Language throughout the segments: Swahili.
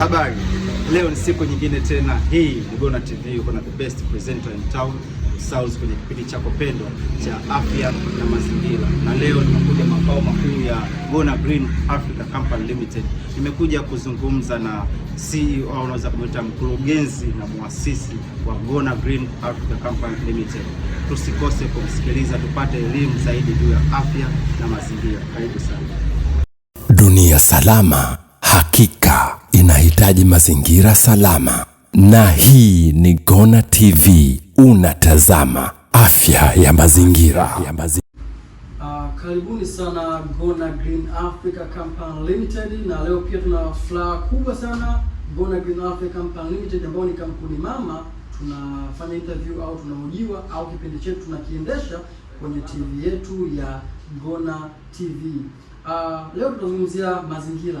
Habari, leo ni siku nyingine tena, hii ni Gonna TV, uko na the best presenter in town Sauls kwenye kipindi chako pendwa cha afya na mazingira, na leo nimekuja makao makuu ya Gonna Green Africa Company Limited. Nimekuja kuzungumza na CEO au unaweza kumuita mkurugenzi na muasisi wa Gonna Green Africa Company Limited. Tusikose kumsikiliza tupate elimu zaidi juu ya afya na mazingira. Karibu sana. Dunia salama, hakika unahitaji mazingira salama, na hii ni Gona TV, unatazama afya ya mazingira. Uh, karibuni sana Gona Green Africa Company Limited, na leo pia tuna furaha kubwa sana Gona Green Africa Company Limited ambayo ni kampuni mama, tunafanya interview au tunaojiwa au kipindi chetu tunakiendesha kwenye TV yetu ya Gona TV. Uh, ah, leo tunazungumzia mazingira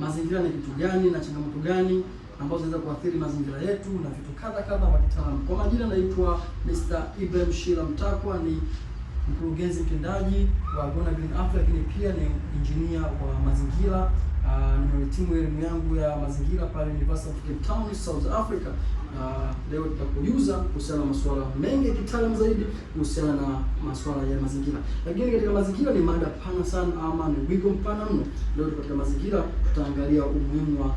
mazingira ni vitu gani na changamoto gani ambazo zinaweza kuathiri mazingira yetu na vitu kadha kadha wa kitaalamu. Kwa majina naitwa Mr. Ibrahim Shila Mtakwa ni mkurugenzi mtendaji wa Gonna Green Africa, lakini pia ni injinia wa mazingira. Uh, ah, nimehitimu elimu yangu ya mazingira pale University of Cape Town, South Africa, Uh, leo tutakujuza kuhusiana na masuala mengi ya kitaalamu zaidi kuhusiana na masuala ya mazingira. Lakini katika mazingira ni mada pana sana, ama ni wigo mpana mno. Leo katika mazingira tutaangalia umuhimu wa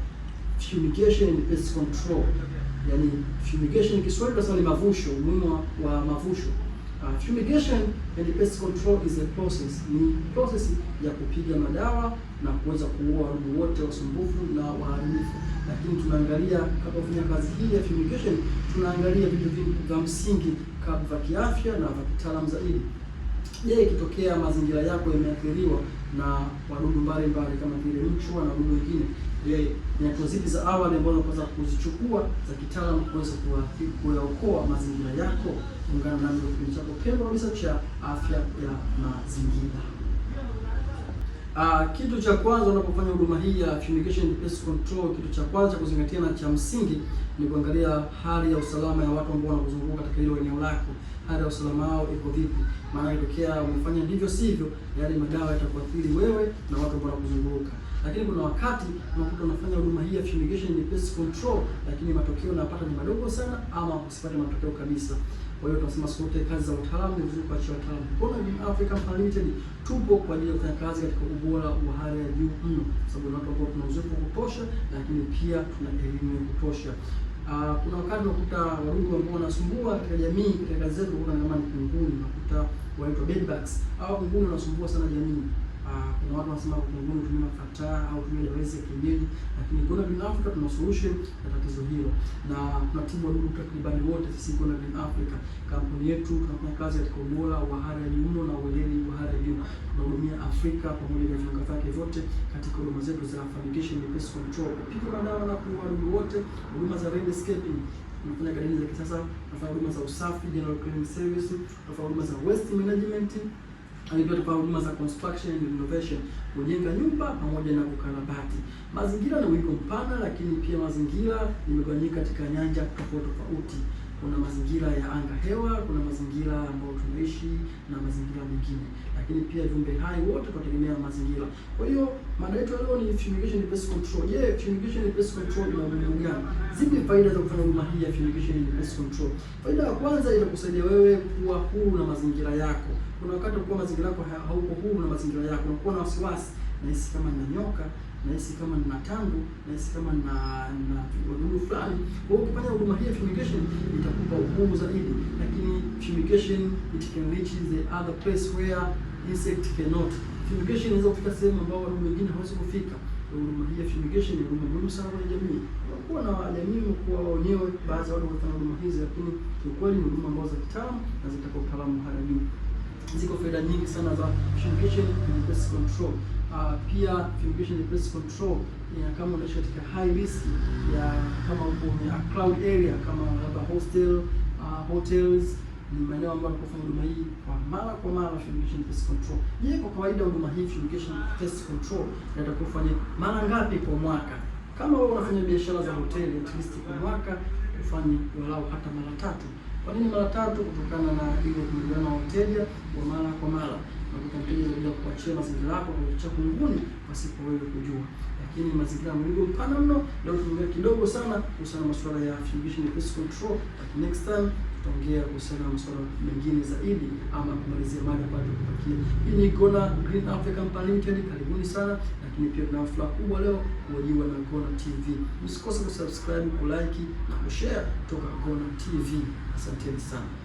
fumigation and pest control, yani fumigation, Kiswahili tunasema ni mavusho, umuhimu wa mavusho Uh, fumigation and pest control is a process, ni process ya kupiga madawa na kuweza kuua wadudu wote wasumbufu na waharibifu, lakini tunaangalia kufanya kazi hii ya fumigation, tunaangalia vitu vingi vya msingi vya kiafya na vya kitaalamu zaidi. Je, ikitokea mazingira yako yameathiriwa na wadudu mbalimbali kama vile mchwa na wadudu wengine hatua zipi za awali ambazo unapaswa kuzichukua za kitaalamu kuweza kuyaokoa mazingira yako. Ungana nami kipindi chako pendwa kabisa cha afya ya mazingira. Uh, kitu cha kwanza unapofanya huduma hii ya fumigation pest control, kitu cha kwanza kuzingatia na cha msingi ni kuangalia hali ya usalama ya watu ambao wanakuzunguka katika hilo eneo lako, hali ya usalama wao iko vipi? Maana ikitokea umefanya ndivyo sivyo, yale madawa yatakuathiri wewe na watu ambao wanakuzunguka lakini kuna wakati unakuta unafanya huduma hii ya fumigation ni pest control, lakini matokeo unapata ni madogo sana, ama usipate matokeo kabisa. Kwa hiyo tunasema siku zote kazi za utaalamu ni vizuri kuachia wataalamu. Mbona ni Africa Unlimited tupo kwa ajili ya kufanya kazi katika ubora wa hali ya juu mno, kwa sababu ni watu ambao tuna uzoefu wa kutosha, lakini pia tuna elimu ya kutosha. Uh, kuna wakati unakuta wadudu ambao wanasumbua katika jamii katika kazi zetu, kuna kama ni kunguni, unakuta wanaitwa bedbugs au kunguni wanasumbua sana jamii kuna ah, watu wanasema kutumia kutumia mafuta au kutumia dawa za kienyeji, lakini kuna Green Africa tuna solution ya tatizo hilo, na tunatibu wadudu takriban wote. Sisi Gonna Green Africa, kampuni yetu tunafanya kazi katika ubora wa hali ya juu na ueledi wa hali ya juu. Tunahudumia Afrika pamoja na viunga vyake vyote katika huduma zetu za fumigation na pest control, kupiga madawa na kuua wadudu wote, huduma za landscaping tunafanya gadeni za kisasa, tunafanya huduma za usafi, general cleaning service, tunafanya huduma za waste management lakini pia huduma za construction and renovation, kujenga nyumba pamoja na kukarabati. Mazingira ni wigo mpana, lakini pia mazingira imegawanyika katika nyanja tofauti tofauti kuna mazingira ya anga hewa, kuna mazingira ambayo tunaishi na mazingira mengine, lakini pia viumbe hai wote tunategemea mazingira. Kwa hiyo mada yetu leo ni fumigation and pest control. Je, yeah, fumigation and pest control ina umuhimu gani? Zipi faida za kufanya huduma hii ya fumigation and pest control? Faida ya kwanza inakusaidia wewe kuwa huru na mazingira yako. Kuna wakati kwa mazingira yako hauko huru na mazingira yako, unakuwa na wasiwasi, nahisi kama nina nyoka, nahisi kama nina tandu, nahisi kama na na fulani. Kwa hiyo ukifanya huduma hii ya fumigation itakupa zaidi, lakini fumigation it can reach the other place where insect cannot. Fumigation inaweza kufika sehemu wadudu wengine hawezi kufika. Huduma hii ya fumigation ni huduma muhimu sana kwenye jamii. Kuwa na wenyewe baadhi ya watu wanafanya huduma hizi, lakini kiukweli ni huduma ambazo za kitaalamu na utaalamu hali ya juu. Ziko faida nyingi sana za fumigation and pest control. Uh, pia fumigation and pest control kama unaishi katika high risk ya a cloud area kama labda hostel, uh, hotels ni maeneo ambayo kwa huduma hii kwa mara kwa mara fumigation pest control. Je, kwa kawaida huduma hii fumigation pest control inatakiwa kufanya mara ngapi kwa mwaka? Kama wewe unafanya biashara za hoteli, at least kwa mwaka ufanye walau hata mara tatu. Kwa nini mara tatu? Kutokana na ile kuingiliana wateja wa mara kwa mara unakuta mteja kuachia mazingira yako kwa kuachia kunguni pasipo wewe kujua. Lakini mazingira mligo mpana mno, leo tunaongea kidogo sana kuhusiana na masuala ya fumigating and pest control, but next time tutaongea kuhusiana na masuala mengine zaidi, ama kumalizia mada bado kupakia. Hii ni Gona Green Africa Company Limited, karibuni sana. Lakini pia tuna hafla kubwa leo kuojiwa na Gona TV, msikose kusubscribe, kulike na kushare toka Gona TV. Asanteni sana.